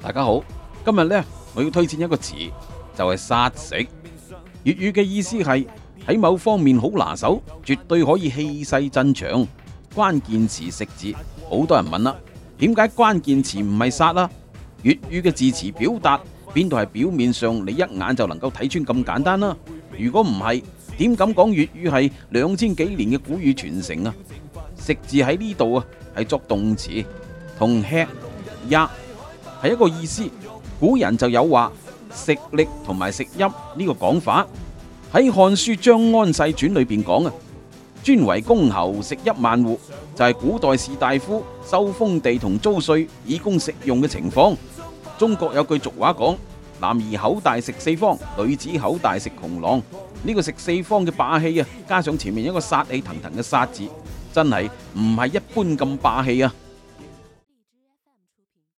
大家好，今日呢，我要推薦一個詞，就係、是、殺食。粵語嘅意思係喺某方面好拿手，絕對可以氣勢鎮場。關鍵詞食字，好多人問啦，點解關鍵詞唔係殺啦？粵語嘅字詞表達邊度係表面上你一眼就能夠睇穿咁簡單啦？如果唔係，點敢講粵語係兩千幾年嘅古語傳承啊？食字喺呢度啊，係作動詞，同吃、吔。係一個意思，古人就有話食力同埋食邑呢個講法，喺《漢書張安世傳》裏邊講啊，尊為公侯，食邑萬戶，就係古代士大夫收封地同租稅以供食用嘅情況。中國有句俗話講，男兒口大食四方，女子口大食窮郎。呢個食四方嘅霸氣啊，加上前面一個殺氣騰騰嘅殺字，真係唔係一般咁霸氣啊！